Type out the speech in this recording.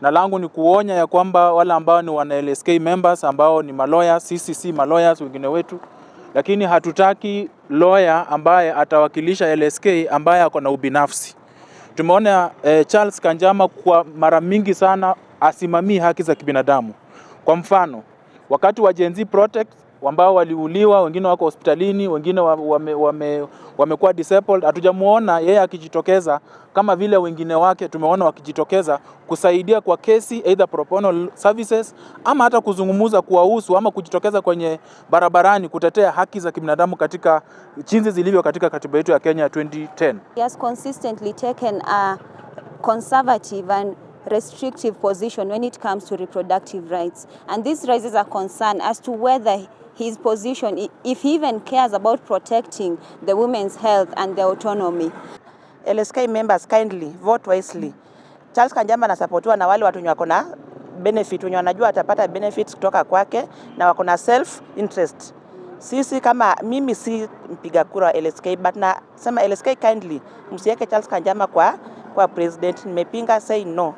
na langu ni kuonya ya kwamba wale ambao ni wana LSK members ambao ni maloya, sisi si maloya wengine wetu, lakini hatutaki lawyer ambaye atawakilisha LSK ambaye ako na ubinafsi. Tumeona eh, Charles Kanjama kwa mara mingi sana asimamii haki za kibinadamu. Kwa mfano, wakati wa Gen Z Protect ambao waliuliwa, wengine wako hospitalini, wengine wame, wame wamekuwa disabled. Hatujamuona yeye akijitokeza kama vile wengine wake tumeona wakijitokeza kusaidia kwa kesi, either pro bono services ama hata kuzungumza kuwahusu ama kujitokeza kwenye barabarani kutetea haki za kibinadamu katika chinzi zilivyo katika katiba yetu ya Kenya 2010. He has consistently taken a conservative and restrictive position when it comes to reproductive rights and this raises a concern as to whether his position if he even cares about protecting the women's health and their autonomy. LSK members kindly vote wisely. Charles Kanjamba anasapotiwa na wale watu wenye wako na benefit, wenye wanajua atapata benefits kutoka kwake na wako na self interest. Sisi kama mimi si mpiga kura wa LSK, but sema LSK kindly, msiweke Charles Kanjamba kwa, kwa president. Nimepinga, say no.